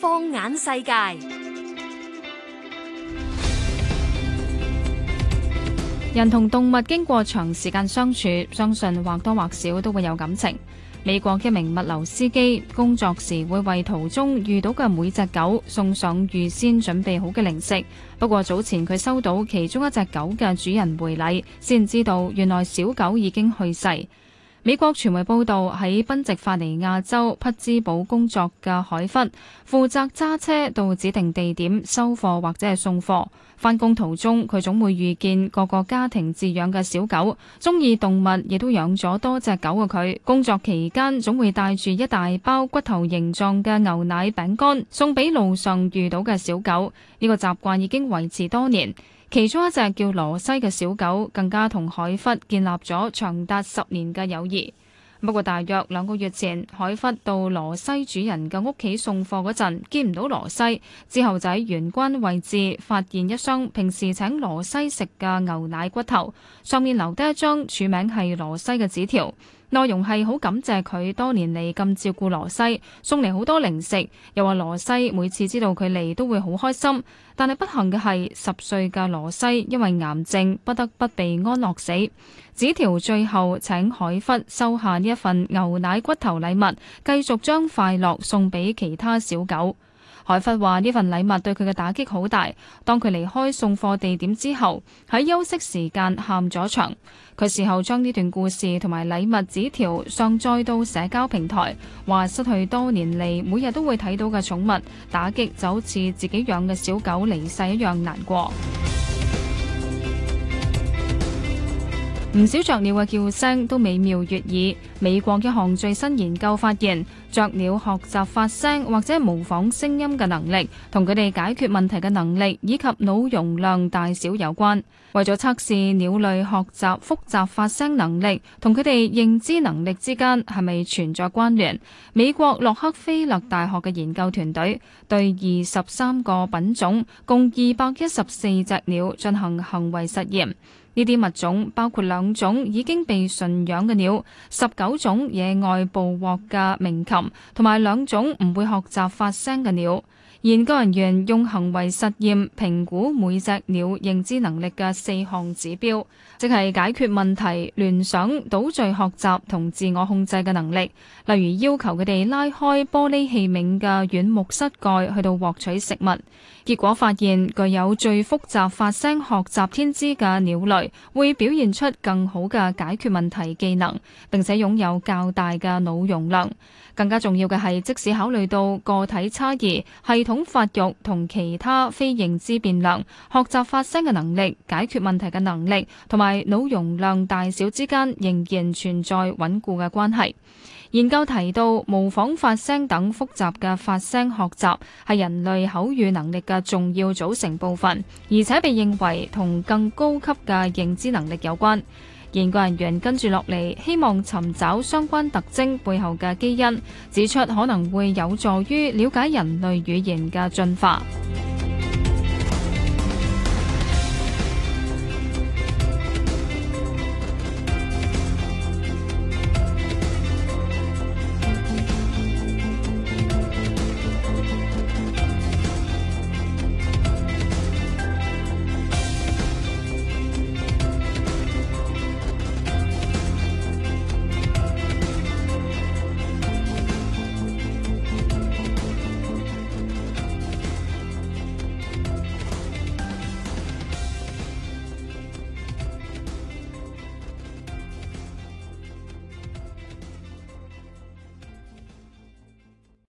放眼世界，人同動物經過長時間相處，相信或多或少都會有感情。美國一名物流司機工作時會為途中遇到嘅每隻狗送上預先準備好嘅零食。不過早前佢收到其中一隻狗嘅主人回禮，先知道原來小狗已經去世。美國傳媒報道，喺賓夕法尼亞州匹茲堡工作嘅海芬，負責揸車到指定地點收貨或者係送貨。返工途中，佢總會遇見各個家庭飼養嘅小狗，中意動物，亦都養咗多隻狗嘅佢，工作期間總會帶住一大包骨頭形狀嘅牛奶餅乾送俾路上遇到嘅小狗。呢個習慣已經維持多年。其中一隻叫羅西嘅小狗，更加同海忽建立咗長達十年嘅友誼。不過，大約兩個月前，海忽到羅西主人嘅屋企送貨嗰陣，見唔到羅西。之後就喺玄關位置發現一箱平時請羅西食嘅牛奶骨頭，上面留低一張署名係羅西嘅紙條。內容係好感謝佢多年嚟咁照顧羅西，送嚟好多零食，又話羅西每次知道佢嚟都會好開心。但係不幸嘅係，十歲嘅羅西因為癌症不得不被安樂死。紙條最後請海忽收下呢一份牛奶骨頭禮物，繼續將快樂送俾其他小狗。海佛話呢份禮物對佢嘅打擊好大，當佢離開送貨地點之後，喺休息時間喊咗場。佢事後將呢段故事同埋禮物紙條上載到社交平台，話失去多年嚟，每日都會睇到嘅寵物，打擊就好似自己養嘅小狗離世一樣難過。唔 少雀鳥嘅叫聲都美妙悅耳。美國一項最新研究發現，雀鳥學習發聲或者模仿聲音嘅能力，同佢哋解決問題嘅能力以及腦容量大小有關。為咗測試鳥類學習複雜發聲能力同佢哋認知能力之間係咪存在關聯，美國洛克菲勒大學嘅研究團隊對二十三個品種共二百一十四隻鳥進行行為實驗。呢啲物種包括兩種已經被馴養嘅鳥，十九種野外捕獲嘅鳴禽，同埋兩種唔會學習發聲嘅鳥。研究人員用行為實驗評估每隻鳥認知能力嘅四項指標，即係解決問題、聯想、倒序學習同自我控制嘅能力。例如要求佢哋拉開玻璃器皿嘅軟木塞蓋去到獲取食物，結果發現具有最複雜發聲學習天資嘅鳥類，會表現出更好嘅解決問題技能，並且擁有較大嘅腦容量。更加重要嘅係，即使考慮到個體差異、系統發育同其他非認知變量，學習發聲嘅能力、解決問題嘅能力同埋腦容量大小之間仍然存在穩固嘅關係。研究提到，模仿發聲等複雜嘅發聲學習係人類口語能力嘅重要組成部分，而且被認為同更高級嘅認知能力有關，研究人員跟住落嚟，希望尋找相關特徵背後嘅基因，指出可能會有助於了解人類語言嘅進化。